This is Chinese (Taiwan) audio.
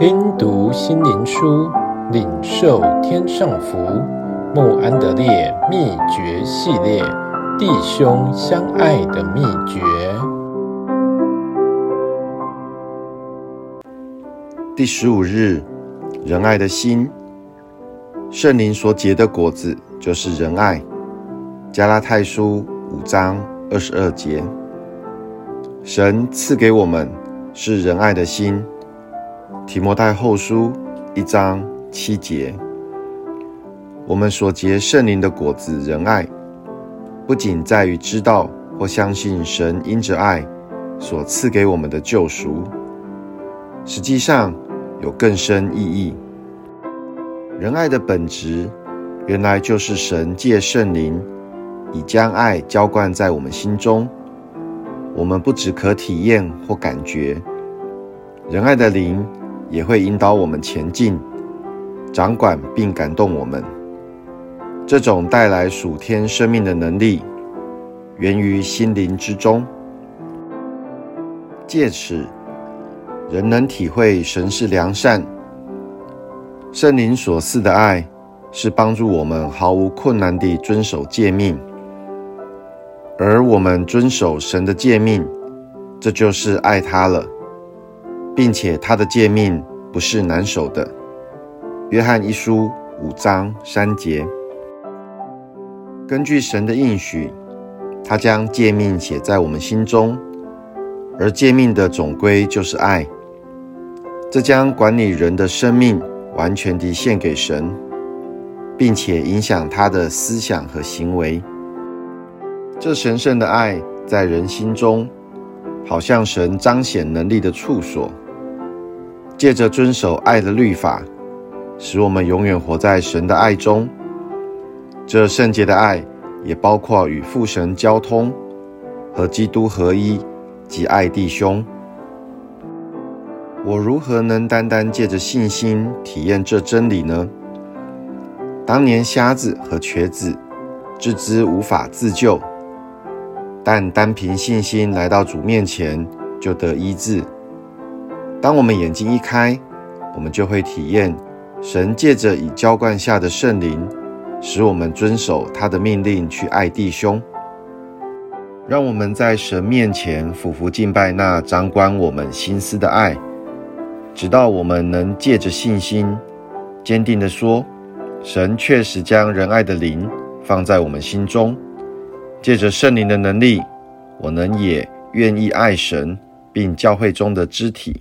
聽讀心靈書，領受天上福。慕安德烈秘訣系列，弟兄相愛的秘訣。第十五日，仁愛的心。聖靈所結的果子，就是仁愛。加拉太書五章二十二節，神賜給我們是仁愛的心。提摩太後書一章七節，我們所結聖靈的果子仁愛，不僅在於知道或相信神因着愛所賜給我們的救贖，實際上有更深意義。仁愛的本質，原來就是神借聖靈已將愛澆灌在我們心中。我們不只可體驗或感覺仁愛的靈。也會引導我們前進，掌管並感動我們。這種帶來屬天生命的能力，源於心靈之中。借此，人能體會神是良善，聖靈所賜的愛是幫助我們毫無困難地遵守誡命，而我們遵守神的誡命，這就是愛他了。並且他的誡命不是難守的。約翰一書五章三節，根據神的應許，他將誡命寫在我們心中，而誡命的總歸就是愛。這將管理人的生命，完全地獻給神，並且影響他的思想和行為。這神聖的愛在人心中，好像神彰顯能力的處所。借着遵守愛的律法，使我們永遠活在神的愛中。這聖潔的愛也包括與父神交通，和基督合一，及愛弟兄。我如何能單單借着信心體驗這真理呢？當年瞎子和瘸子，自知無法自救，但單憑信心來到主面前，就得醫治。當我們眼睛一開，我們就會體驗神借着已澆灌下的聖靈，使我們遵守他的命令去愛弟兄。讓我們在神面前俯伏敬拜那掌管我們心思的愛，直到我們能借着信心堅定地說：“神確實將仁愛的靈放在我們心中，借着聖靈的能力，我能也願意愛神，並教會中的肢體。”